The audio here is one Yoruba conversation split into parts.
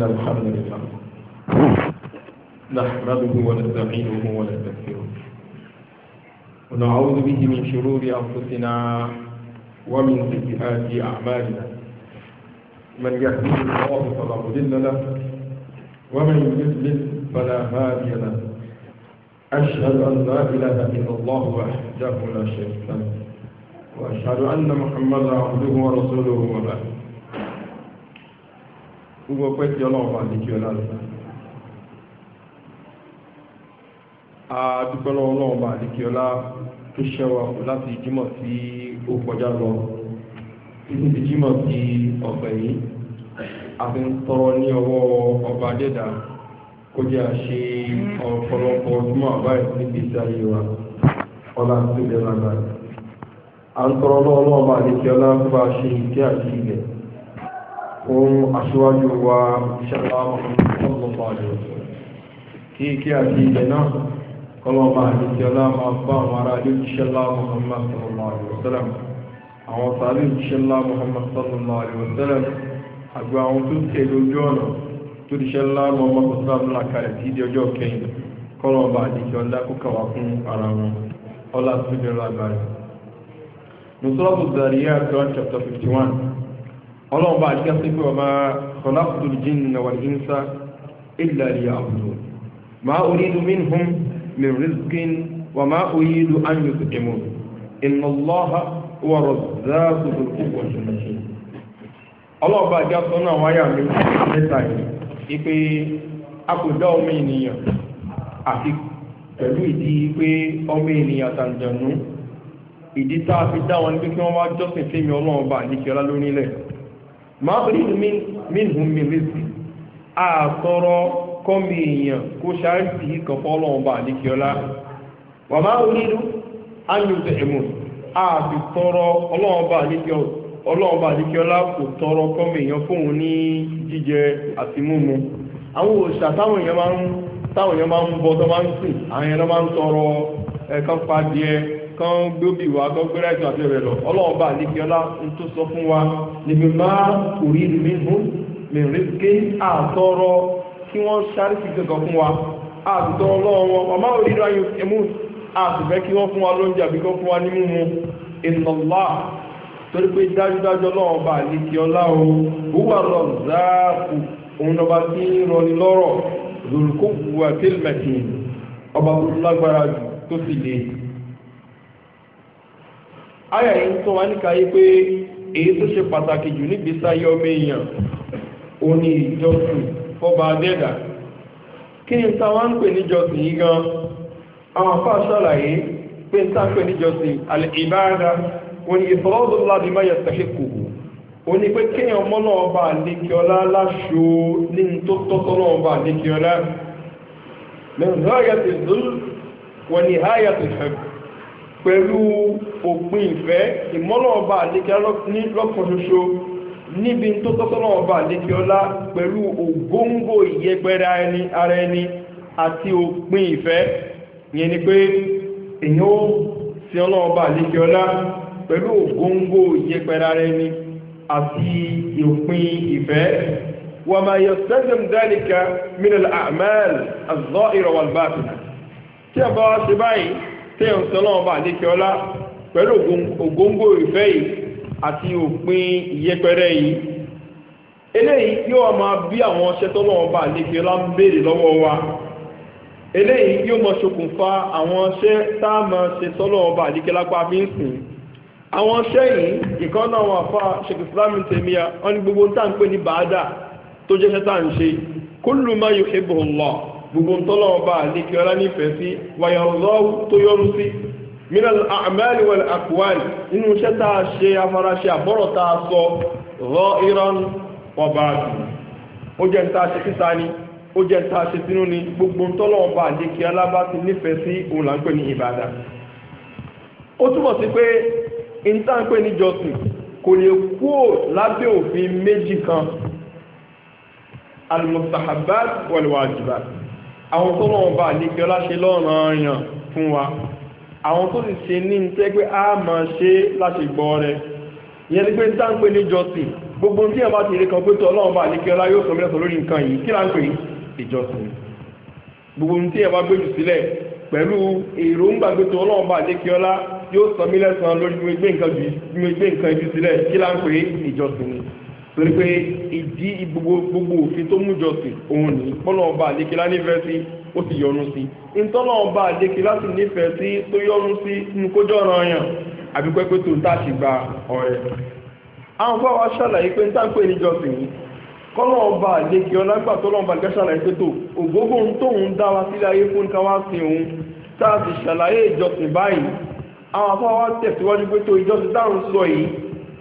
إن الحمد لله نحمده ونستعينه ونستغفره ونعوذ به من شرور أنفسنا ومن سيئات أعمالنا من يهديه الله فلا مضل له ومن يضلل فلا هادي له أشهد أن لا إله إلا الله وحده لا شريك له وأشهد أن محمدا عبده ورسوله وبعد gbogbo ọpẹ́ tí ọlọ́run bá lékè ọlá rẹ̀ àdúgbọ́lọ́ ọlọ́run bá lékè ọlá tó ṣẹwà láti jímọ̀ tí ó kọjá lọ títí di jímọ̀ tí ọ̀pẹ̀ yìí ń tọrọ ní ọwọ́ ọba dẹ́dà kó jẹ́ àṣe ọ̀pọ̀lọpọ̀ ọdún àbáyé níbi ìsáyé wa ọlá tó lè lágbàá à ń tọrọ lọ́wọ́ ọlọ́run bá lékè ọlá tó bá ṣe ìkẹ́ àti ilẹ̀ fún aṣíwájú wa ṣẹlá ọmọ kí kí àti ilẹ̀ náà kọlọ́ọ̀bá àti ìṣẹ́lá bá àwọn ará ilé ìṣẹ́lá Muhammad sallallahu alaihi wasallam àwọn sàárè ìṣẹ́lá Muhammad sallallahu alaihi wasallam àgbà àwọn tó tẹ̀lé ojú ọ̀nà tó ti ṣẹ́lá Muhammad sallallahu alaihi wasallam kalẹ̀ sí ìdí ọjọ́ kẹyìn kọlọ́ọ̀bá àti ìṣẹ́lá kó kàwá fún ara wọn ọlá tó dẹ̀rọ àgbáyé. chapter fifty one ọlọ́run bá àdíkà sí pé ọmọ khalaqtul jinna wal insa illa liya'budun ma uridu minhum min rizqin wa ma ilu an yut'imun inna Allaha huwa razzaqu dhul quwwati matin ọlọ́run bá àdíkà sọ náà wáyà mi yìí ipe a ọmọ ènìyàn àti pẹ̀lú ìdí pé ọmọ ènìyàn àtàǹjànú ìdí tá a fi dá wọn ní pé kí wọ́n wá jọ́sìn fíìmù ọlọ́run bá ma rí mi mínú mi rìsì àtọrọ kọ́mi èèyàn kó ṣáàtì kan fọ́lọ́ọ̀bà àdékíọ́lá wà máa rí tọrọ ọlọ́ọ̀bà àdékíọ́lá ọlọ́ọ̀bà kò tọrọ kọ́mọ èèyàn fóun ní jíjẹ ma bọ tọrọ kan gbóbi wa kan gbé ráìtì àti ẹ̀rẹ̀ lọ ọlọ́run bá ní kíọ́lá ń tó sọ fún wa níbi máa kò rí ìlú mi hù mi rí ké àtọrọ kí wọ́n sáré sí kankan fún wa àtúntọ́ ọlọ́run wọn ọmọ òrìrì ayò ẹ̀mú àtúfẹ́ kí wọ́n fún wa lóúnjẹ àbí kọ́ fún wa ní mímu ìnàlá torí pé dájúdájú ọlọ́run bá ní kíọ́lá o wúwà lọ záàkù òun lọ́ba tí ń rọni lọ́rọ̀ lórúkọ wùwà tẹ́lẹ̀mẹ̀tì ọba tó lágbára jù tó sì le àyà yìí ń tún wá níkàyé pé èyí tó ṣe pàtàkì jù nígbèsí ayé ọmọ èèyàn òun ni ìjọsìn fọba adẹ́dà kí ni ta wá ń pè níjọsìn yìí gan àwọn afá ṣàlàyé pé ń ta pè níjọsìn al-ibada òun ni ìfọwọ́dọ̀ ńlá bí má kù ó ní pé kéèyàn mọ́nà ọba àdékiọlá láṣọ ní tó tọ́tọ́ náà ọba àdékiọlá min ghayati dhul wa nihayati hubb pẹ̀lú òpin ìfẹ́ ìmọ́lọ́ọ̀bà àlékẹ́ lọ́kàn ṣoṣo níbi tó tọ́sọ́lọ́ọ̀bà àlékẹ́ ọlá pẹ̀lú ògóńgò ìyẹpẹrẹ ara ẹni àti òpin ìfẹ́ yẹn ni pé èyàn ó sí ọlọ́ọ̀bà àlékẹ́ ọlá pẹ̀lú ògóńgò ìyẹpẹrẹ ara ẹni àti òpin ìfẹ́ wàmà yọ sẹ́sẹ̀m dálíkà mínal àmàl àzọ́ ìrọ̀wàlbàtì tí a téèyàn sọ náà bá àdékè ọlá pẹ̀lú ògóńgó ìfẹ́ yìí àti òpin ìyẹpẹrẹ yìí eléyìí yóò máa bí àwọn ọṣẹ tó lọ́wọ́ bá àdékè ọlá ń béèrè lọ́wọ́ wa eléyìí yóò máa ṣokùnfà àwọn ọṣẹ tá a máa ṣe sọ́lọ́wọ́ bá lápá fi ń sìn àwọn ọṣẹ yìí ìkan náà wà fà ṣèkè sílámù tèmíà wọn ni gbogbo tá à ń pè ní bàádà tó jẹ́ ṣẹ́ tá ń ṣe kúlùmọ́ yóò ṣe gbogbo ntọ́lọ́ọ̀bá àdékè ọlá nífẹ̀ẹ́ sí wàyọ̀rọ̀lọ́wọ́ tó yọrù sí minal a'mali wal aqwali nínú iṣẹ́ tá a ṣe afaraṣe àbọ̀rọ̀ tá a sọ rọ iran ọba àdùn ó jẹ́ nta ṣe síta ni ó jẹ́ nta ṣe sínú ni gbogbo ntọ́lọ́ọ̀bá àdékè ọlá bá ti nífẹ̀ẹ́ sí òun là ń pè ní ìbádà ó túbọ̀ sí pé nta ń pè ní jọ́sìn kò lè kúò lábẹ́ òfin méjì kan al-mustahabbat àwọn tó wọn bá àlejò láṣẹ lọ́rùn ọ̀yàn fún wa àwọn tó sì ṣe ní tẹ́ pé a máa ṣe láti gbọ́ rẹ̀ ìyẹn ni pé ń dáńpé ní jọ́sìn gbogbo tí wọn bá ti rí kan pé tó ọlọ́run bá àlejò ọlá yóò sọmílẹ̀ sọ lórí nǹkan yìí kí là ń pè ìjọsìn gbogbo tí wọn bá gbéjù sílẹ̀ pẹ̀lú èròǹgbà pé tó ọlọ́run bá àlejò ọlá yóò sọmílẹ̀ sọ lórí gbé nǹkan ìjọsìn torí pé ìdí gbogbo òfin tó mú jọsìn òun ní pọ́nà ọba àlékelá nífẹ̀ẹ́ sí ó sì yọnu sí ìtọ́nà ọba àlékelá sì nífẹ̀ẹ́ sí tó yọnu sí ní kójọ́ ọ̀ràn yàn àbí pẹ́pẹ́ tó ń tà sí gba ọ̀rẹ́. àwọn bá wa ṣàlàyé pé ń tàpé ní jọsìn yìí kọ́nà ọba àlékelá ọlágbà tọ́nà ọba àlékelá ṣàlàyé pé tó ògógó ń tóun dá wa sílẹ̀ ayé fún wa tẹ̀síwájú pé tó ìjọsìn táwọn sọ yìí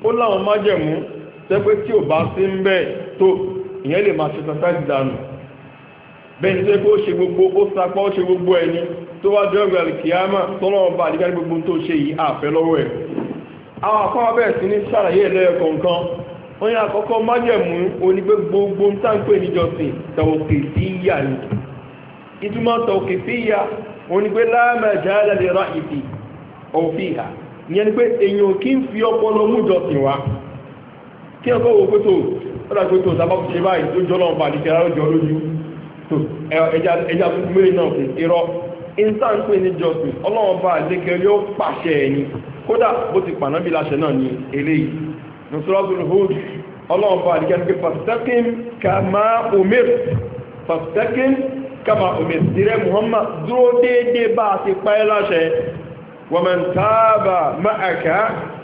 ó láwọn májẹ̀mú sẹ́pẹ́ tí ò bá sí ń bẹ̀ tó ìyẹn lè máa ṣe exercise dànù bẹ́ẹ̀ ni sẹ́pẹ́ ó ṣe gbogbo ó sapá ó ṣe gbogbo ẹni tó wá dọ́gba alikiyama tọ́nà ọba àdìgá ní gbogbo tó ṣe yìí àfẹ́ lọ́wọ́ ẹ̀ àwọn afọ́wọ́ bẹ̀rẹ̀ sí ní ṣàlàyé ẹlẹ́yọ kọ̀ọ̀kan wọ́n yà àkọ́kọ́ májẹ̀mú onígbé gbogbo táǹpé níjọsìn tọ̀wọ̀kì sí ìyá ni ìtumọ̀ tọ̀wọ̀kì sí ìyá onígbé láàmẹ̀já ìyẹn ni pé èèyàn kì í fi ọpọlọ mú jọsìn wá kí ọkọ̀ wo pẹ́tò ọ̀dà pẹ́tò sábà ṣe báyìí tó jọ́ lọ́nà bàdí kẹrà lójọ́ lójú tó ẹja mẹ́rin náà kù irọ́ insan pé ní jọ́sìn ọlọ́run bá lékẹ́ yóò pàṣẹ ẹ̀yìn kódà bó ti pàná bí láṣẹ náà ní eléyìí nùsọ́lọ́gùn hood ọlọ́run bá lékẹ́ pé fastaqim kama umir fastaqim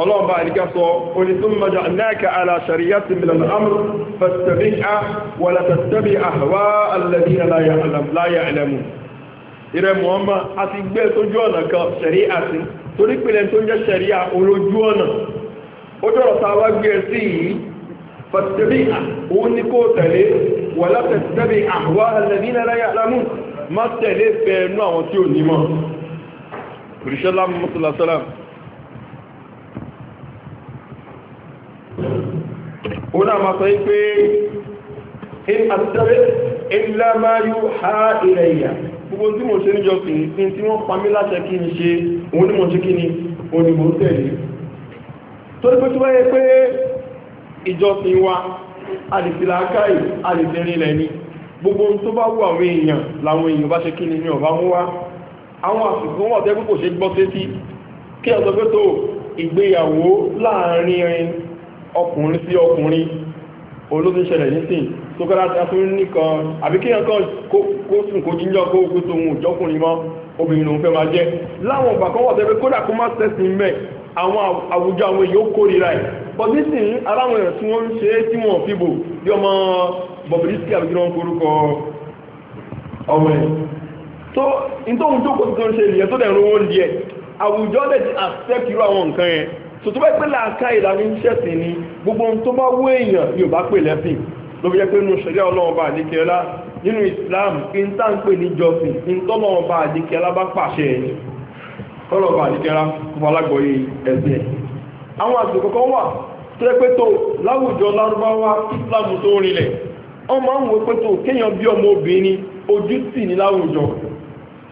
ọlọ́run bá àdíkà sọ oní tó mọ̀jọ náàkà aláṣàríyá ti mìlẹ̀ àmúr fàtàbí à wàlà tàbí àhàwá alẹ́bí láyà ẹlẹ́mù ìrẹ mọ̀ọ́mà àti gbé sójú ọ̀nà kan ṣẹ̀rí àti torí pìlẹ̀ tó ń jẹ́ ṣẹ̀rí à olójú ọ̀nà ó dọ̀rọ̀ tá a wá gbé sí yìí fàtàbí à òun ní kó tẹ̀lé wàlà tàbí alẹ́bí láyà òun náà máa sọ yí pé in àtẹ́rẹ́ ilá máa yú ha ilẹ̀ ìyà gbogbo tí mo ṣe níjọ sí ní tí wọ́n pa mí láṣẹ kí n ṣe òun ni mo ṣe kí ni òun ni mo tẹ̀lé torí pé tí wọ́n yẹ pé ìjọsìn wa àdìsílà káì àdìsírin ilẹ̀ ni gbogbo tó bá wù àwọn èèyàn làwọn èèyàn bá ṣe kí ni ní ọ̀bá mú wá àwọn àsìkò wọn tẹ́ pé kò ṣe gbọ́ sétí kí ọ̀sọ̀ pé tó ìgbéyàwó láàárín ọkùnrin sí ọkùnrin olóṣù ṣẹlẹ̀ nísìn tó kọ́lá tí a tó nìkan àbí kí ẹ̀kọ́ kó sùn kó jíjọ́ kó kó tó ohun ìjọkùnrin mọ́ obìnrin lòun fẹ́ máa jẹ́ láwọn ọ̀gbà kan wà tẹ́fẹ́ kódà kó má sẹ́sìn mẹ́ àwọn àwùjọ àwọn èèyàn kórìíra ẹ̀ bọ́dísìn aláwọn èèyàn tí wọ́n ń ṣe tí wọ́n fi bò bí ọmọ bọ̀bìlísì àbí wọn korúkọ ọmọ ẹ̀ tó nítorí jókòó tó ń ṣe ìyẹn tó dẹ̀ ń rówó ń di ẹ̀ àwùjọ dẹ̀ ti accept irú àwọn nǹkan yẹn tòtúbà pé làákà ìlànà ìṣẹ̀sìn ni gbogbo ohun tó bá wó èèyàn yóò bá pè lẹ́sìn ló fi jẹ́ pé nínú ṣẹ̀ríà ọlọ́run bá àdékẹ́ ọlá nínú Islam ìta ń pè ní jọsìn ìtọ́lọ́run bá àdékẹ́ ọlá bá pàṣẹ ẹ̀yìn ọlọ́run bá àdékẹ́ ọlá fún alágbọ̀ọ́yé ẹ̀sìn ẹ̀ àwọn àsìkò kan wà tó yẹ pé tó láwùjọ lárúbáwá Islam tó rinlẹ̀ ọmọ àwọn òpétò kéèyàn bí ọmọ obìnrin ojú sì ní láwùjọ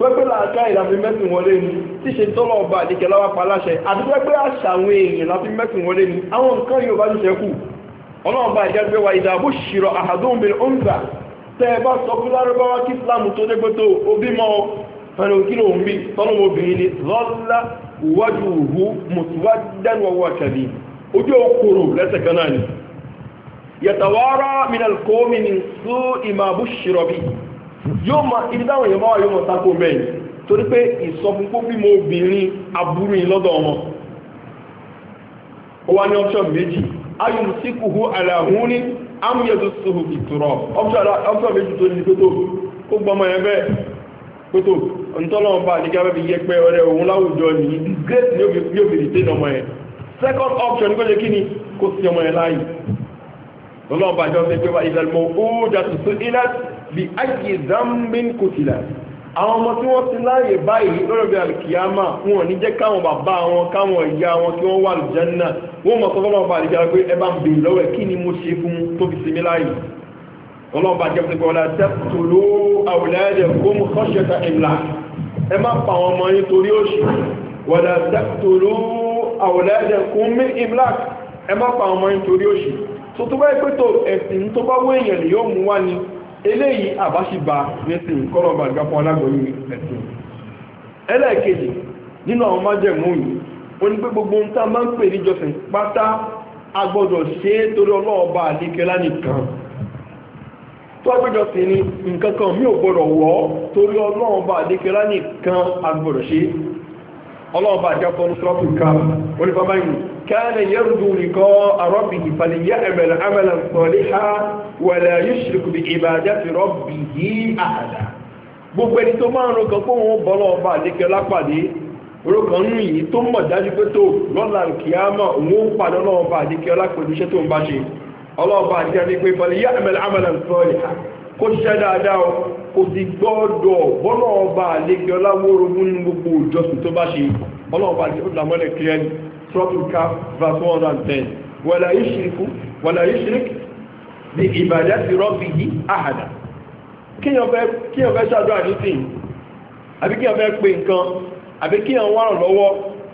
pẹ́pẹ́ làákà ìlàfi mẹ́sìn wọlé ni tíṣe tọ́lọ̀ ọba àdìkẹ́ láwa paláṣẹ àti pẹ́pẹ́ àṣà àwọn èèyàn láfi mẹ́sìn wọlé ni àwọn nǹkan yóò bá ṣiṣẹ́ kù ọlọ́ọ̀ba ìjágbé wa ṣìrọ̀ àhàdóhùnbìnrin ó ń ni lọ́lá ìmàbù ṣìrọ̀ yóò máa ibi táwọn èèyàn bá wà yóò máa tako bẹ́ẹ̀ torí pé ìsọfúnpó bímọ obìnrin aburú yìí lọ́dọ̀ wọn ó wá ní option méjì ayùn síkùhù àlàhùn ní amúyẹ̀dù sùhù ìtura option méjì tó ní kótó ó gbọmọ yẹn bẹ́ẹ̀ kótó ntọ́lọ́wọ́n bá àdìgá bẹ́ẹ̀ fi yẹ pé ọ̀rẹ́ òun láwùjọ nìyí grace ni yóò fi retain ọmọ yẹn second option kó lè kí ni kó sí ọmọ yẹn láàyè lọ́lọ́wọ́n bá àjọ ṣe pé wà ìdàlùmọ̀ ó dàtú sí ilẹ̀ bí ayé zambin kòtìlà àwọn ọmọ tí wọ́n ti láàyè báyìí lọ́rọ̀ bí alìkìyàmà wọn ò ní jẹ́ káwọn bàbá wọn káwọn ìyá wọn kí wọ́n wà lùjánná wọ́n mọ̀ sọ́kọ́ lọ́wọ́ bá àlìkìyàmà pé ẹ bá ń bèèrè lọ́wọ́ kí ni mo ṣe fún tó fi sinmi láàyè ọlọ́run jẹ́ fún pa àwọn ọmọ yín torí òṣì wọ̀dà tẹ́tùlú àwùlẹ́dẹ̀ pa àwọn ọmọ yín torí òṣì tó tó bá yẹ pé ẹ̀sìn tó bá wọ èèyàn lè yóò mú wá ni eléyìí àbáṣìbà rẹ̀sìn kọ́lọ̀bà ìgbàpọ̀ alágbòyí ẹ̀sìn ẹlẹ́ẹ̀kejì nínú àwọn májẹ̀mú yìí ó ní pé gbogbo ń máa ń pè níjọsìn pátá a ṣe é torí ọlọ́ọ̀bà àdékẹ́lá nìkan tó agbẹ́jọsìn ni nǹkan kan mi ò gbọ́dọ̀ wọ́ torí ọlọ́ọ̀bà nìkan ṣe ọlọ́ọ̀bá àjọpọ̀ nùsọ́pù kan onífọ́bá yìí káàlẹ̀ yẹ́rùdù nìkọ́ àrọ́bìhì fàlìyà ẹ̀mẹ̀lẹ̀ àmẹ́lẹ̀ sọ̀lẹ́hà wẹ̀lẹ̀ yóṣùlùkù bí ìbàjẹ́ ti rọ́bìhì àdá gbogbo ẹni tó máa ń ro kan fóun bọ́lọ́ọ̀bá àdékẹ́ lápàdé orókan nù yìí tó mọ̀ dájú pé tó lọ́la kìámà òun ó padà ọlọ́ọ̀bá àdékẹ́ lápàdé kò sì gbọ́dọ̀ bọ́nà ọba àlejò ọláwórogún ní gbogbo ìjọsìn tó bá ṣe bọ́nà ọba àlejò ọlámọ́lẹ̀ clearly tropical verse one hundred and ten wàlà ìṣirikú wàlà ìṣirik ní ìbàdà ti rọ́bì yìí àhàdà kíyàn fẹ́ ṣàdúrà nítìn àbí kíyàn fẹ́ pe nǹkan àbí kíyàn wà ràn lọ́wọ́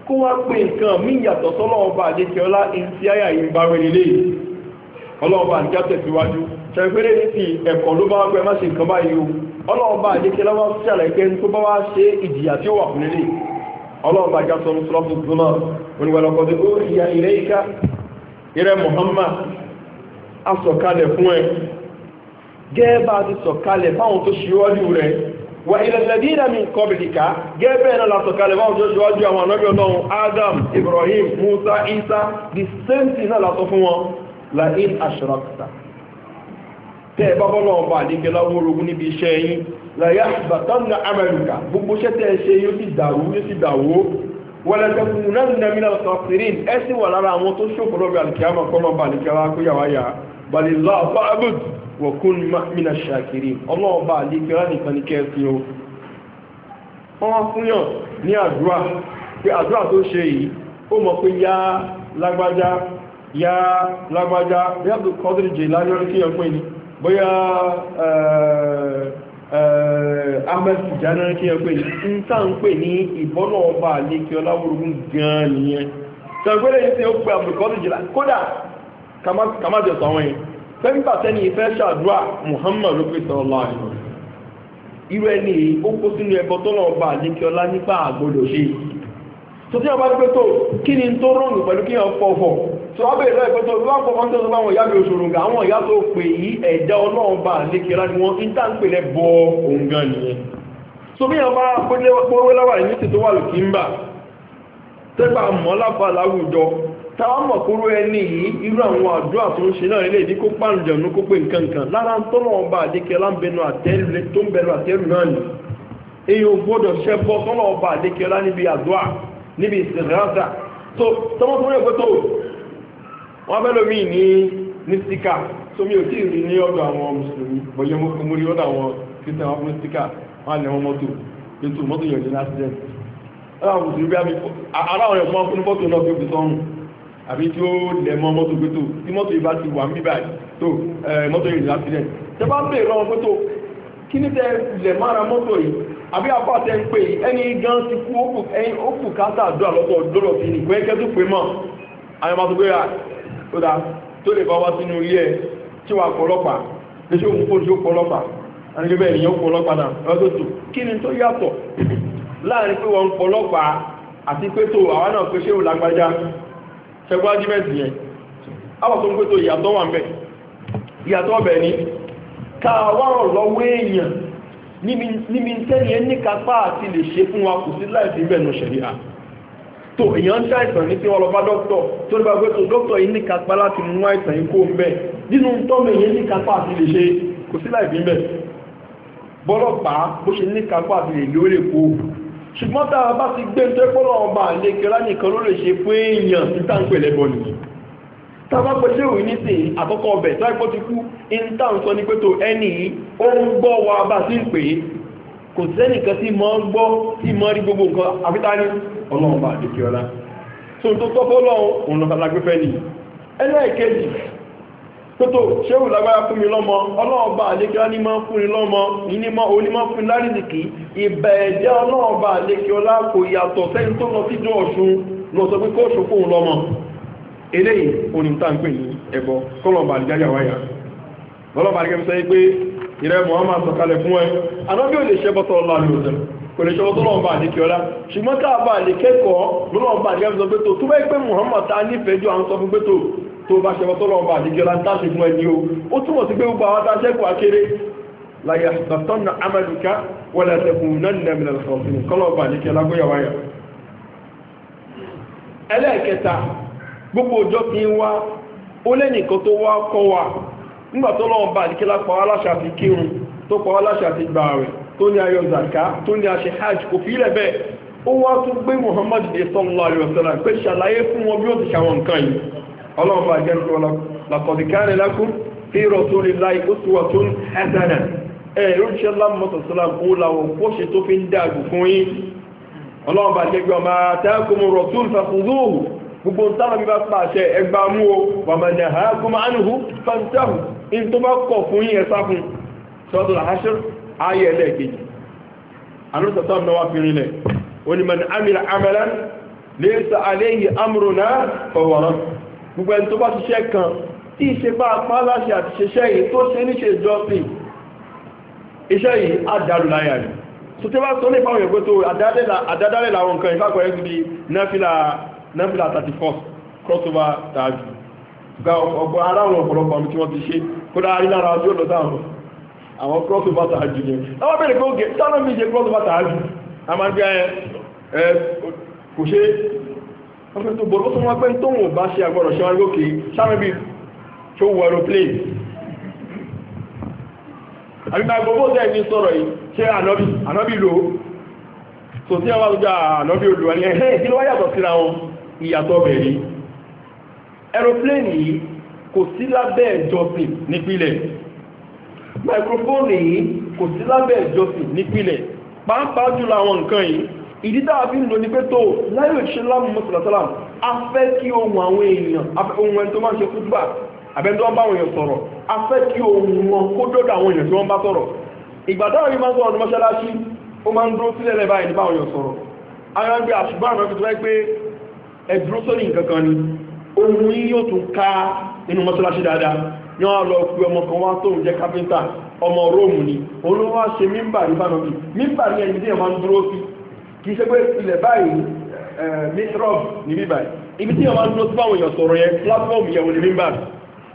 kó wá pe nǹkan mí yàtọ̀ sọ́lọ́ ọba àlejò tẹ̀gbẹ́rẹ́ ní ti ẹ̀kọ́ ló bá pẹ́ má sì nǹkan báyìí o ọlọ́run bá àdékẹ́ lọ́wọ́ sàlẹ̀ pé tó bá wá ṣe ìjìyà tí ó wà fún lélẹ̀ ọlọ́run bá já sọ ní ya ilé ìka Muhammad a sọ̀kalẹ̀ fún ẹ gẹ́ẹ̀bá ti sọ̀kalẹ̀ fáwọn tó ṣíwájú rẹ̀ wà ilẹ̀lẹ̀dínà mi la sọ̀kalẹ̀ fáwọn tó ṣíwájú àwọn anábì ọlọ́run Adam Ibrahim Musa Isa the same thing náà la sọ fún wọn la in tẹ́ ẹ náà bá àdékẹ́ láwọn orogún níbi iṣẹ́ yín làyà bàtánà amẹ́ríkà gbogbo iṣẹ́ tẹ́ ẹ ṣe yóò sì dàrú yóò sì dàwó wọlẹ́tẹ̀kùn náà nínú ẹ̀mí náà sọ̀tìrín ẹ sì wà lára àwọn tó ṣòfò lọ́bẹ̀ bá balẹ̀ mina ṣàkiri ọlọ́ọ̀bá àlùkìyàmọ̀ nìkan ní kẹ́ẹ̀sì o. wọ́n wá fún yàn ní bóyá ahmed tijana kí ẹ pè ní ń ń pè ní ìbọ́nà ọba àlékí gan-an nìyẹn yìí ó pe àbùkọ́sì jìlá kódà kàmájọ sọ̀wọ́n sẹ́ni ìfẹ́ ṣàdúrà irú ẹni ó ọba àlékí ọlá nípa àgbọdọ̀ ṣe tó tí wọn bá tó kí ni tó rọrùn pẹ̀lú kí wọn tí wọ́n bèèrè lọ́yẹ̀ pẹ́tọ́ bí wọ́n pọ̀ wọ́n tẹ́sọ́ báwọn ìyá mi òṣòro nǹkan àwọn ìyá tó pè yí ẹ̀dá ọlọ́run bá lékera ni wọ́n ń tàǹpè lẹ́ bọ òun gan nìyẹn so bí yẹn bá pọ́wé láwà ní ti tó wà lókì ń bà tẹ́gbà mọ́ láfa láwùjọ táwọn mọ̀ kúrú ẹni yìí irú àwọn àdúrà tó ń ṣe náà nílé ìdí kó pàǹjẹ̀nu kó pé nǹkan kan lára ń tọ́nà ọba àdékẹ́lá ń bẹnu àtẹ́lù tó ń bẹnu àtẹ́lù náà nì èyí ò gbọ́dọ̀ ṣẹ́bọ́ tọ́nà ọba àdékẹ́lá níbi àdúrà níbi ìsìnkú rásà tó tọ́mọ́tò rẹ̀ pé tó wọ́n bẹ́ẹ̀ lómi ní ní stika tó mi ò tí ì rí ní ọ̀dọ̀ àwọn mùsùlùmí bọ̀yẹ̀ mo mú rí ọ̀dọ̀ àwọn kristian wọn fún stika wọn á lẹ̀ wọn mọ́tò ètò mọ́tò yọ̀dé ní accident aláwọ̀ mùsùlùmí bí aláwọ̀ yẹn mọ́ fún mọ́tò náà fi fi sọ́run àbí tí ó lẹ̀ mọ́ mọ́tò pé tó tí mọ́tò yìí bá ti wà mí báyìí tó mọ́tò yọ̀dé ní accident tẹ́ bá bèèrè mọ́tò yìí àbí àpàtẹ ń pè ẹni gan ti kú ó kù àdúrà lọ́tọ̀ lọ́rọ̀ sí ni kò tó pè mọ́ àyàmọ́ tó gbéra tó dá tó lè bọ́wọ́ sínú orí ẹ̀ tí wà pọ̀lọ́pàá lè ṣe òun kó tí ó pọ̀lọ́pàá àti bẹ́ẹ̀ nìyẹn ó pọ̀lọ́pàá náà ọjọ́ tó kí ni tó yàtọ̀ láàrin pé wọ́n pọ̀lọ́pàá àti pé tó àwa náà pé ṣé ò lágbájá ṣẹgbọ́n ájímẹ́ǹtì yẹn àwọn tó ń pé tó ìyàtọ̀ wà ń bẹ̀ ìyàtọ̀ ọbẹ̀ ni ká wárọ̀ lọ́wọ́ èèyàn níbi tẹ́ni ẹni kápá àti lè ṣe fún wa kò sí láì fi bẹ́ẹ̀ nù tó èèyàn ń ṣe àìsàn ní tí wọ́n lọ bá dókítọ̀ tó nípa pé tó dókítọ̀ yìí ní kápá láti mú àìsàn yìí kó ń bẹ̀ nínú tọ́mọ èèyàn ní kápá àti lè ṣe kò sí láì bí bẹ̀ bọ́lọ́pàá bó ṣe ní kápá àti lè lórí èkó ṣùgbọ́n tá a bá ti gbé tó pọ́lọ́ ọba àlekẹ́lá nìkan ló lè ṣe fún èèyàn níta ń pè lẹ́bọ̀ nìyí tá a bá pèsè òun nísìn àkọ́kọ́ ọbẹ̀ tó ẹ̀kọ́ ti kú wa bá sí kò sẹ́nìkan tí mọ́ gbọ́ tí mọ́ rí gbogbo nǹkan àfítání ọlọ́run bá àdékè ọlá tó tó tọ́ fọ́lọ́run òun lọ́ta lágbẹ́fẹ́ ni ẹlẹ́ẹ̀kejì tó tó ṣéwù lágbára fún mi lọ́mọ ọlọ́run bá àdékè ọlá ní máa ń fún ni lọ́mọ onímọ̀ onímọ̀ ni lárìsìkì ìbẹ̀ ẹ̀jẹ̀ ọlọ́run bá àdékè ọlá kò ìrẹ́ Muhammad sọ̀kalẹ̀ fún ẹ anábí ò lè ṣe bọ́tọ̀ ọlá ní òtẹ́ kò lè ṣe bọ́tọ̀ ọlọ́run bá Muhammad ta nífẹ̀ẹ́ jọ à ń sọ fún pé tó tó bá ṣe bọ́tọ̀ ọlọ́run bá àdékè ọlá ń tá ṣe fún ẹ ní o ó túmọ̀ sí pé gbogbo àwọn tá a ṣẹ́kù akéré láyé àtàtọ́nà amẹ́ríkà wọlé ẹ̀sẹ̀kùn nígbà tó lọ́wọ́ bá àdìkẹ́lá pa wá láṣà fi kírun tó pa wá láṣà fi gbà rẹ̀ tó ní ayọ̀ zaka tó ní aṣẹ hajj kò fi ilẹ̀ bẹ́ẹ̀ ó wá tún gbé Muhammad ní sallallahu alaihi wasallam pé ṣàlàyé fún wọn bí ó ti ṣàwọn nǹkan yìí ọlọ́run bá jẹ́ nípa laqad kana lakum fi rasulillahi uswatun hasanah ẹ̀ ìrúṣẹ́ lámọ́tò sọ́làm in tó bá kọ̀ fún yí ẹ̀sá fún sọ́dọ̀ àṣír ayé ẹlẹ́ẹ̀kejì anúsọ̀tọ́ náwà fi rinlẹ̀ onímọ̀ni amìlà amalan lè sọ àléyìí amúrò náà fọwọ́rọ́ gbogbo ẹni tó bá ṣiṣẹ́ kan tí ìṣe bá apá láṣẹ àti ṣiṣẹ́ yìí tó ṣe níṣe ìjọsìn iṣẹ́ yìí àdàlù crossover tààjù gba ọgbọ ara ọ̀pọ̀lọpọ̀ àmì tí wọ́n ti ṣe arí lára ọjọ́ ọ̀dọ̀ àwọn cross over yẹn láwọn bẹ̀rẹ̀ pé oge sáwọn a máa gbé ayẹ eh, ẹ eh, kò ṣe ọmọ tó bọ̀ lọ́sọ̀ pé tó ṣe agbọ́dọ̀ ṣe wọn lókè bí tó wọ aeroplane àbí máa sọ̀rọ̀ yìí ṣé ànábì ànábì ah, lò ó sòtí àwọn eh, ẹ̀hẹ́ wáyàtọ̀ síra wọn ìyàtọ̀ bẹ̀rẹ̀ aeroplane yìí kò sí lábẹ́ ìjọsìn nípìlẹ̀ microphone yìí kò sí lábẹ́ ìjọsìn nípìlẹ̀ pàápàá jùlọ àwọn nǹkan yìí ìdí tá a fi ń lò ní pé tó láyé òṣìṣẹ́ lámù mọ́sálásálà a fẹ́ kí ohun àwọn èèyàn ohun ẹni tó máa ń ṣe fúdùbà àbẹ́ni tó bá àwọn èèyàn sọ̀rọ̀ a fẹ́ kí ohun wọn kó dọ́dọ̀ àwọn èèyàn tí wọ́n bá sọ̀rọ̀ ìgbà táwọn yìí máa ń sọ̀rọ̀ ní mọ́ṣáláṣí ó máa ń dúró sílẹ̀ lẹ́bàá ìdí bá àwọn èèyàn sọ̀rọ̀ àwọn ẹgbẹ́ àṣùgbọ́n àwọn ẹgbẹ́ tó fẹ́ pé ẹ̀dúró sórí nǹkan kan ni ohun yìí yóò tún ká nínú mọ́sálásí dáadáa yọ́ lọ pé ọmọ kan wá tóun jẹ́ kápẹ́ntà ọmọ róòmù ni olówó ṣe mímbà ní fánàbí mímbà ní ẹni tí ẹ̀mọ́ ń dúró sí kì í ṣe pé ilẹ̀ báyìí mitrof ní bíbà ibi tí ẹ̀mọ́ ń dúró sí báwọn èèyàn sọ̀rọ̀ yẹn platform yẹn ní mímbà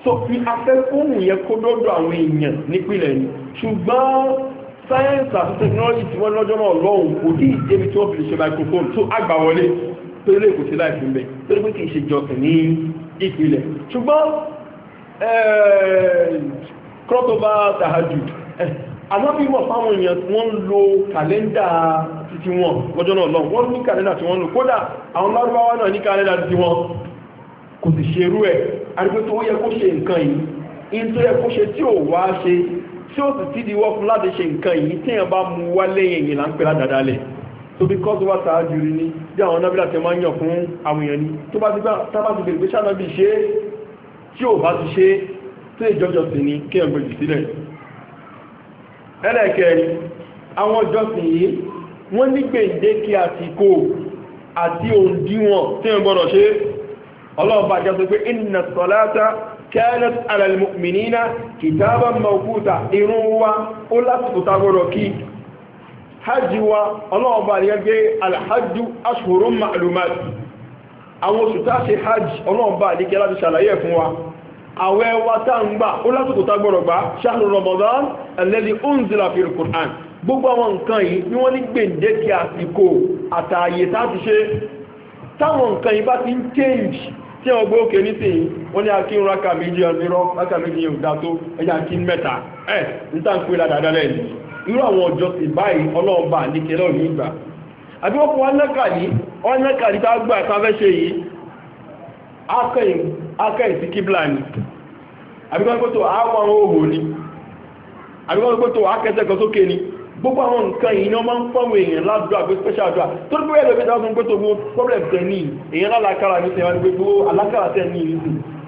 so fi afẹ́kùnrin yẹn kó dọ́dọ̀ àwọn èèyàn nípìnlẹ̀ ni ṣùgbọ́n sáyẹ́ǹsì àti tẹkinọ́lọ́jì tí wọ́n lọ́jọ́ náà lọ́hùn kò tí ì tí wọ́n fi lè ṣe microphone tó àgbà wọlé torí lè kò sí láìsí mbẹ torí pé kì í ṣe jọsìn ní ìpìlẹ̀ ṣùgbọ́n eh, crossover tahajud alábí eh, fáwọn èèyàn tí wọ́n ń lo kàlẹ́ndà títí wọn lọ́jọ́ náà lọ́wọ́ wọ́n ní kàlẹ́ndà tí wọ́n lò kódà àwọn lárúbáwá náà ní kàlẹ́ndà títí wọn kò sì ṣe ti di wọ́n fún láti ṣe nǹkan tó bí kọ́ tó bá tàá jù rí ní bí àwọn nábìlà tẹ máa ń yàn fún àwọn èèyàn ní tó bá ti gbá tábà ti bèrè pé sáàbì ṣe tí ò bá ti ṣe tó ìjọjọ sí ni kí ẹ̀gbẹ́ jù sílẹ̀ ẹlẹ́ẹ̀kẹrin àwọn ìjọsìn yìí wọ́n ní gbèǹdéke àsìkò àti òǹdíwọ̀n tí wọ́n gbọ́dọ̀ ṣe ọlọ́run bá jẹ́ sọ pé inna salata kanat ala al-mu'minina kitaban mawquta irun wa ó lásìkò tá gbọ́dọ̀ kí hajji wa ọlọ́ọ̀bá rí gẹ́gẹ́ alhajju ashhurun ma'lumat àwọn oṣù tá ṣe hajji ọlọ́ọ̀bá rí gẹ́gẹ́ láti ṣàlàyé fún wa àwẹ̀ wa tá ń gbà ó lásìkò tá gbọ́dọ̀ gbà shahru ramadan alladhi unzila fil qur'an gbogbo àwọn nǹkan yìí ni wọ́n ní gbèǹdéke àsìkò àtààyè tá ti ṣe táwọn nǹkan yìí bá ti ń change tí wọ́n gbé òkè irú àwọn ọjọ́ sì báyìí ọlọ́run bá àlékè lọ́rùn ní ìgbà àbí wọ́n fún wa nákàlí wọ́n nákàlí tá a gbà tá a fẹ́ ṣe yìí akẹ́yìn sí kíbla ni àbí wọ́n gbọ́tò àwọn àwọn òhò ni àbí wọ́n gbọ́tò akẹ́sẹ̀ kan sókè ni gbogbo àwọn nǹkan yìí ni wọ́n máa ń fọ́wọ́ èèyàn ládùúgbò àgbẹ̀ special àdúrà tó ní bóyá ẹlòmíì dáhùn gbọ́tò gbogbo problem tẹ̀ ní èèyàn lálàkàrà ní sẹ́wọ́n gbogbo alákàrà tẹ̀ ní ìrísí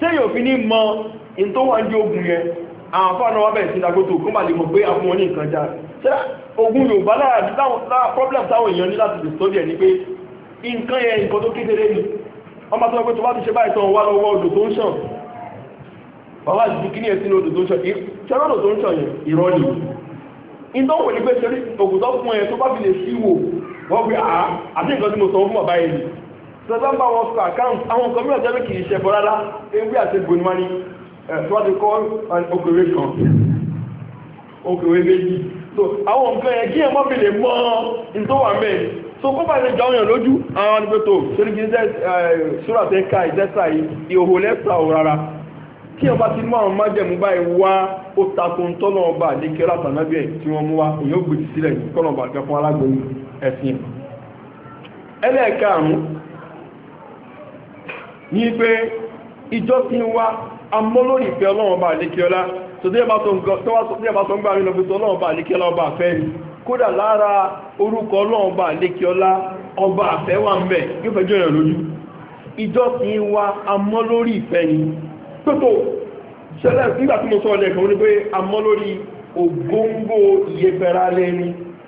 tẹ́yìn òfin ní mọ in tó wà ní ogun yẹn àwọn afọ́nà wà bẹ̀rẹ̀ sí ìdágbótó kó bà lè mọ̀ pé àwọn oní nǹkan já ṣe ogun Yorùbá lára problem táwọn èèyàn ní láti lè sọ́dí ẹ̀ ni pé nǹkan yẹn nǹkan tó kékeré ni wọ́n máa tọ́ pé tó bá ti ṣe báyìí tán wà lọ́wọ́ odò tó ń ṣàn bàbá àti kí ni ẹ̀sìn odò tó ń ṣàn ṣẹ́rọ́ odò tó ń ṣàn yẹn irọ́ ni ìdánwò ní pé ṣe ogun tó fún ẹ tó bá fi lè ṣíwò wọ́n pé àá àti nǹkan tí mo sọ fún bàbá sọ́dọ̀ bá wọn sọ àkáǹtì àwọn nǹkan mìíràn tẹ́lẹ̀ kì í ṣe bọ́ rárá ewé àti egbòni wá ní ẹ̀fọ́dé kọ́ òkèwé kan òkèwé méjì so àwọn nǹkan yẹn kí ẹ mọ́ fi lè mọ́ ní tó wà mẹ́ẹ̀ so kó bá ṣe jọ yàn lójú àwọn àdìgbòtò torí kì í ṣe ṣúra tẹ́ ká ìdẹ́sà ìhòhò lẹ́sà ò rárá kí ẹ bá ti mú àwọn májẹ̀mú báyìí wá ó takò ń tọ́nà ọba àdékẹ́ látànábì ẹ̀ tí wọ́n mú wá èyí ó ní pé ìjọsìn wa amọ́lórí ìfẹ́ ọlọ́run bá àlékiọlá tó dé bá tó ń gbà rí lọ pẹ̀tọ́ ọlọ́run bá àlékiọlá ọba àfẹ́ ni kódà lára orúkọ ọlọ́run bá àlékiọlá ọba àfẹ́ wà ń bẹ̀ yóò fẹ́ jọyàn lójú ni tótó ṣẹlẹ̀ nígbà tí mo sọ ọ̀lẹ́ kan ní pé amọ́lórí ògóńgó ìyẹpẹ̀rẹ̀ alẹ́ ni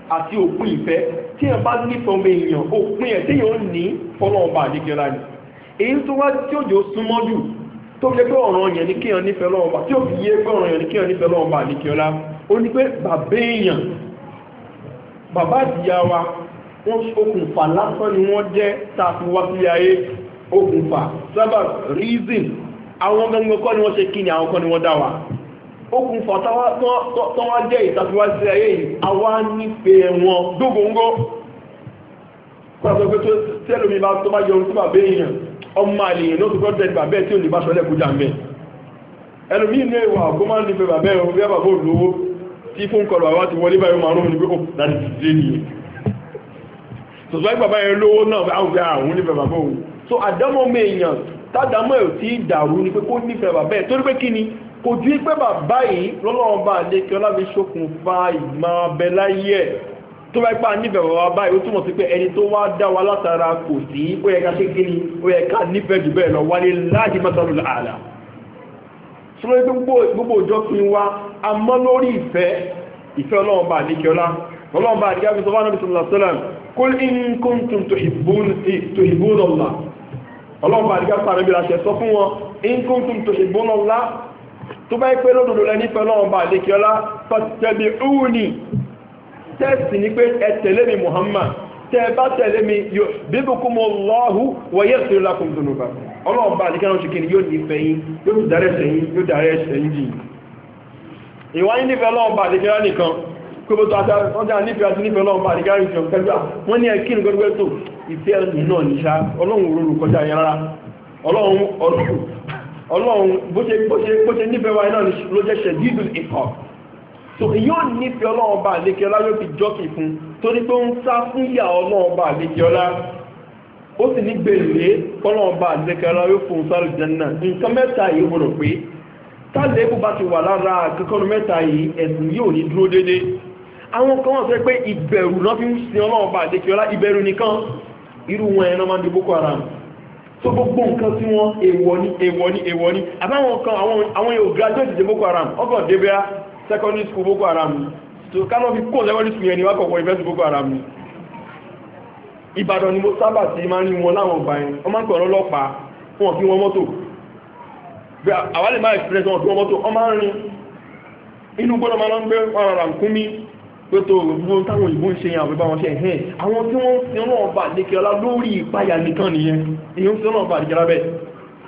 àti òpin èyí tó wá tí òjò súnmọ́ jù tó fi pé ọ̀ràn yẹn ní kíyàn nífẹ̀ẹ́ lọ́wọ́ bá tí ò fi yé pé ọ̀ràn yẹn ní kíyàn nífẹ̀ẹ́ lọ́wọ́ ní kíọ́lá ó ní pé bàbá èèyàn wa wọ́n okùnfà lásán ni wọ́n jẹ́ tá a reason àwọn gangan kọ́ ni wọ́n ṣe kí ni àwọn kọ́ ni wa okùnfà tó wá jẹ́ ìtàfiwá sí ayé yìí àwa nífẹ̀ẹ́ wọn dógóńgó kó àtọ́gbé tó tẹ́lómi bá tó bá yọrù sí ọmọ àlèyàn ló ti gbọ́dọ̀ ẹgbà bẹ́ẹ̀ tí ò ní bá sọ lẹ́kùjá ń bẹ́ ẹlòmí inú ẹwà kó máa ń ní bẹ́ẹ̀ bẹ́ẹ̀ o bí bàbá olówó tí fún kọlù àwọn ti wọlé báyìí máa rọ́mù ní pé ó oh, láti ti dé nìyẹn tòṣùwájú bàbá yẹn lówó náà àwọn ìgbà àwọn onífẹ̀ẹ́ bàbá òun so àdámọ́ mi èèyàn tádàmọ́ ẹ̀ tí dàrú ni pé kó nífẹ̀ẹ́ bàbá ẹ̀ torí pé kí ni kò ju pé bàbá yìí lọ́lọ́run bá àlékè ọlábíṣokùn fa ìmọ̀ abẹ láyé ẹ̀ tó bá pa níbẹ̀rẹ̀ wa báyìí ó túmọ̀ sí pé ẹni tó wá dá wa látara kò sí ó yẹ ká ṣe kí ni ó yẹ ká nífẹ̀ẹ́ jù bẹ́ẹ̀ lọ wálé láti mọ́tàlú ààlà sọ́dọ̀ gbogbo òjọ́ fi wá amọ́ lórí ìfẹ́ ìfẹ́ ọlọ́run bá àdékẹ́ọ́lá ọlọ́run bá àdékẹ́ọ́lá fi sọ fún anábìsọ̀ lọ́sọ́lá kul in kuntum tẹ́ẹ̀sì ni pé ẹ tẹ̀lé mi Muhammad tẹ́ ẹ bá tẹ̀lé mi yuhbibkumullahu wa yaghfir lakum dhunubakum ọlọ́run bá àdíkẹ́ ránṣẹ́ kìíní yóò nífẹ̀ẹ́ yín yóò tún dárẹ́ sẹ́yìn yóò dárẹ́ sẹ́yìn jì ìwà yín nífẹ̀ẹ́ ọlọ́run bá àdíkẹ́ rán nìkan kí gbogbo àti ọjà nífẹ̀ẹ́ àti nífẹ̀ẹ́ ọlọ́run bá àdíkẹ́ rán nìkan pẹ̀lú wọn ní ẹkí ní gbẹgbẹ tó ìfẹ́ yìí náà níṣá ọlọ́run òróró kọjá yẹn rárá ọlọ́run bó ṣe nífẹ̀ẹ́ wa náà ló jẹ́ ṣẹ̀dídùn so mm-hmm. yóò nífẹ̀ẹ́ ọlọ́run bá àlékè ọlá yóò fi jọ́kì fún torí pé ó ń sá fún ìyà ọlọ́run bá àlékè ọlá ó sì ní gbèlè ọlọ́run bá àlékè ọlá yóò fún sáré jẹ́nà nǹkan mẹ́ta yìí gbọ́dọ̀ pé táàlẹ́ kó bá ti wà lára akẹ́kọ̀ọ́ mẹ́ta yìí ẹ̀sìn yóò ní dúró dédé àwọn kan wọ́n sọ pé ìbẹ̀rù náà fi ń sin ọlọ́run bá àlékè ọlá ìbẹ̀rù nìkan irú wọn ẹ̀rọ máa ń di gbogbo nǹkan tí wọ́n èèwọ̀ ní èèwọ̀ ní èèwọ̀ ní àbáwọn kan àwọn èèwọ̀ graduate di boko haram ọgọ̀ débẹ́rẹ́ secondary school boko haram ni tó kánà fi secondary school yẹn ni wá kọ̀kọ́ ìfẹ́sì boko haram ni ìbàdàn ni mo sábà ti máa ń rí wọn láwọn ọgbà yẹn wọ́n máa ń pẹ̀rọ ọlọ́pàá wọn kí wọ́n mọ́tò bí àwálè máa express wọn kí wọ́n mọ́tò wọ́n máa ń rin inú gbọ́dọ̀ máa ń gbé wọn rárá ń kún mí pẹ̀tọ́ gbogbo táwọn òyìnbó ń ṣe yẹn àwọn ìbáwọn ṣe ẹ̀hẹ́n àwọn tí wọ́n ń sin ọlọ́ọ̀bà nìkẹ́lá lórí ìpayà nìkan nìyẹn èyí ń sin ọlọ́ọ̀bà nìkẹ́lá bẹ́ẹ̀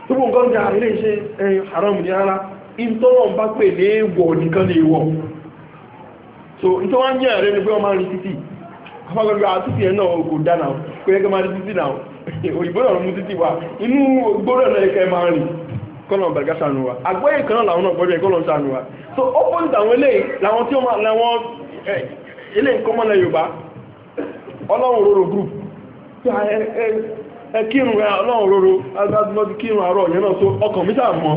tó bó nǹkan ilé iṣẹ́ ẹ̀yìn haram ní rárá ìtọ́rọ̀ ń bá pè ní èèwọ̀ nìkan lè wọ̀ so ìtọ́ wá ń yẹ̀ rẹ̀ ni pé wọ́n máa ń rí títì na àtúntì ẹ̀ náà dáná pé ẹgbẹ́ máa rí títì náà òyìnbó náà mú títì wa inú gbọ́dọ̀ náà ẹ̀kẹ́ máa rìn kọ́nà bẹ̀rẹ̀gá so opposite àwọn eléyìí làwọn tí eh, ọlọ́run roro àárọ̀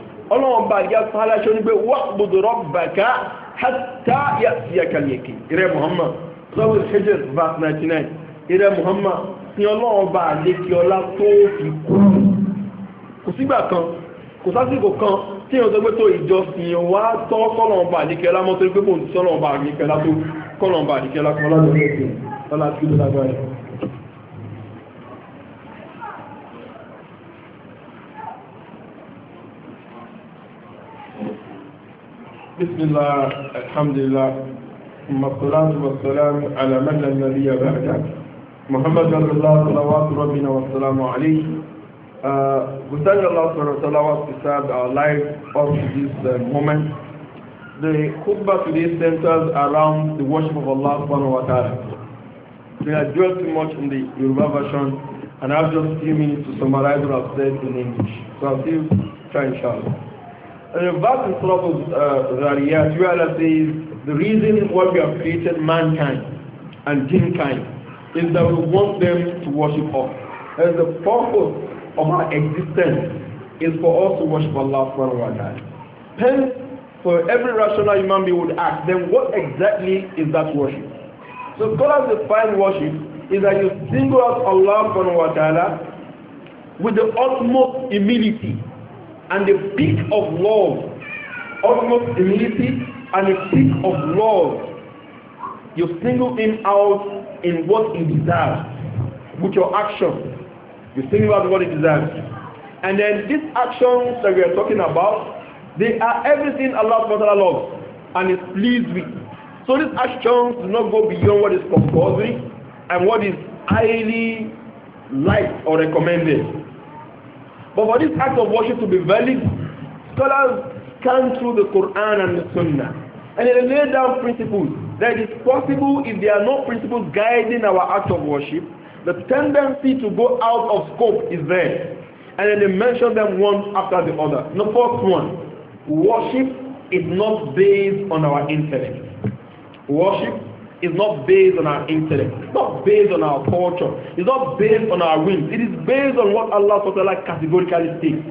ọlọ́wọ́n bá yà fún aláṣọ ní pé wa'budu rabbaka hatta ya'tiyakal yaqin ìrẹ́ Muhammad lọ́wọ́ ìṣẹ́jẹ́ verse ninety nine ìrẹ́ Muhammad ní ọlọ́wọ́n bá lékè ọlá tó fi kú kò sígbà kan kò sásìkò kan tí èèyàn sọ pé tó ìjọsìn wa tọ́ kọ́lọ́wọ́n bá lékè ọlá mọ́tò pé kò ń sọ́lọ́wọ́n bá lékè ọlá tó kọ́lọ́wọ́n bá lékè ọlá ọlá tó Bismillah, الله الحمد لله ثم الصلاة والسلام على من لا نبي بعده محمد صلى الله we thank Allah for salawat to serve our life up to this uh, moment. The khutbah today centers around the worship of Allah subhanahu wa ta'ala. We have dwelt too much in the Yoruba version and I have just a few minutes to summarize what I've said in English. So I'll see you try inshallah. in verse in Surah Zariyat, you the reason why we have created mankind and humankind is that we want them to worship us. And the purpose of our existence is for us to worship Allah subhanahu wa ta'ala. Hence, for every rational human being would ask, then what exactly is that worship? So scholars define worship is that you single out Allah subhanahu wa ta'ala with the utmost humility and a peak of love, utmost humility and a peak of love. You single him out in what he deserves with your action. You single out what he deserves. And then these actions that we are talking about, they are everything Allah SWT loves and is pleased with. So these actions do not go beyond what is compulsory and what is highly liked or recommended. But for this act of worship to be valid, scholars scan through the Quran and the Sunnah. And they lay down principles that it is possible if there are no principles guiding our act of worship, the tendency to go out of scope is there. And then they mention them one after the other. The first one, worship is not based on our intellect. Worship Is not based on our intellect. It's not based on our culture. It's not based on our whims. It is based on what Allah SWT like categorically states.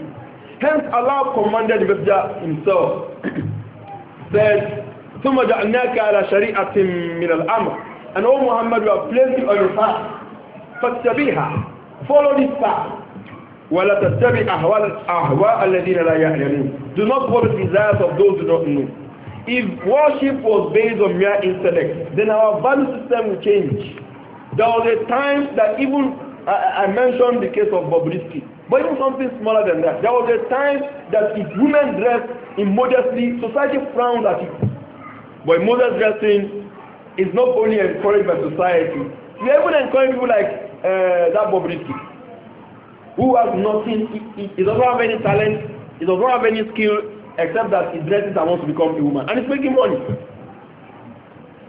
Hence, Allah commanded the Messenger himself, said, ثُمَّ جَعْنَاكَ عَلَى شَرِيعَةٍ مِّنَ الْأَمْرِ And, O Muhammad, you have placed on your path. فَاتَّبِيهَا Follow this path. وَلَا تَتَّبِعْ أَهْوَاءَ الَّذِينَ لَا يَعْلَمُونَ Do not follow the desires of those who don't know. If worship was based on mere intellect, then our value system would change. There was a time that even I, I mentioned the case of Bobrisky, but even something smaller than that. There was a time that if women dressed immodestly, society frowned at it. But immodest dressing is not only encouraged by society, we even encourage people like uh, that Bobrisky, who has nothing, he, he, he doesn't have any talent, he doesn't have any skill, except that he dresses and wants to become a woman. And he's making money.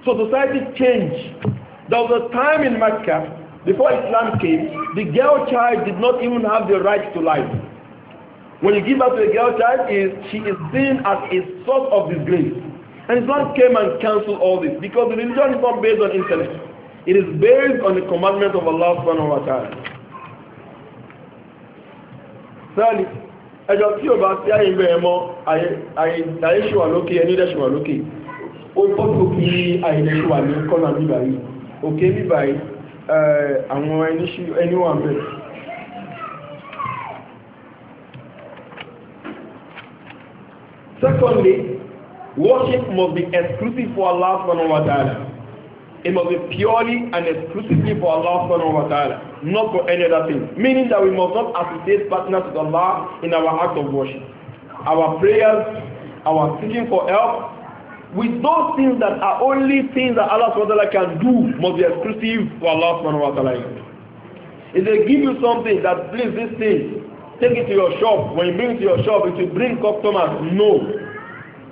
So society changed. There was a time in Mecca, before Islam came, the girl child did not even have the right to life. When you give birth to a girl child, she is seen as a source of disgrace. And Islam came and cancelled all this because the religion is not based on intellect. It is based on the commandment of Allah subhanahu wa ta'ala. Thirdly, ẹjọ́ tí ò bá sí àyè bẹ̀rẹ̀ mọ́ àyè lókè ẹni dẹ̀ lókè ó bọ́ kí àyè ní kọ́nà bíbà yìí òkè bíbà yìí àwọn ẹni wà bẹ̀rẹ̀ secondly worship must be exclusive for Allah subhanahu wa ta'ala It must be purely and exclusively for Allah subhanahu wa ta'ala, not for any other thing. Meaning that we must not associate partners with Allah in our act of worship. Our prayers, our seeking for help, with those things that are only things that Allah subhanahu wa ta'ala can do must be exclusive for Allah subhanahu wa ta'ala. If they give you something that brings this thing, take it to your shop. When you bring it to your shop, it will bring customers. No.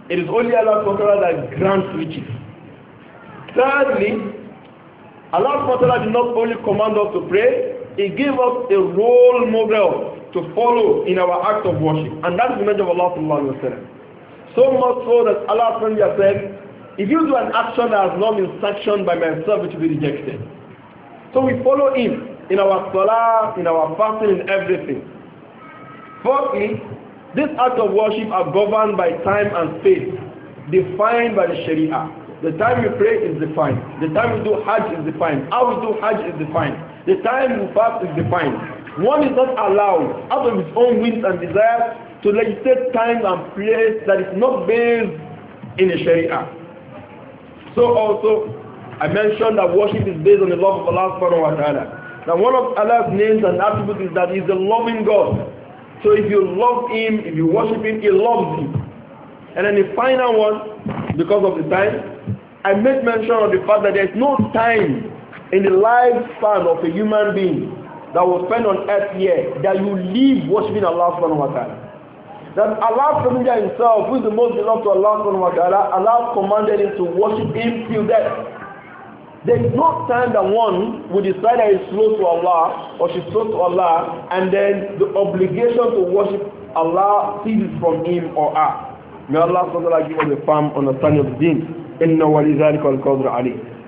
It is only Allah subhanahu wa ta'ala that grants riches. Thirdly, Allah SWT did not only command us to pray, He gave us a role model to follow in our act of worship. And that is the message of Allah SWT. So much so that Allah SWT said, if you do an action that has not been sanctioned by myself, it will be rejected. So we follow Him in our salah, in our fasting, in everything. Fourthly, these acts of worship are governed by time and space, defined by the Sharia. The time you pray is defined. The time you do Hajj is defined. How you do Hajj is defined. The time you fast is defined. One is not allowed out of his own wings and desires to legislate time and place that is not based in the Sharia. So also, I mentioned that worship is based on the love of Allah subhanahu wa ta'ala. Now one of Allah's names and attributes is that He is a loving God. So if you love Him, if you worship Him, He loves you. And then the final one, because of the time, I made mention of the fact that there is no time in the lifespan of a human being that will spend on earth here that you live worshiping Allah subhanahu wa ta'ala. That Allah subhanahu wa himself, who is the most beloved to Allah subhanahu wa ta'ala, Allah commanded him to worship him till death. There is no time that one will decide that he is close to Allah or she is close to Allah and then the obligation to worship Allah ceases from him or her. May Allah subhanahu wa ta'ala give us a firm understanding of the deen. إنه ولذلك القدر عليه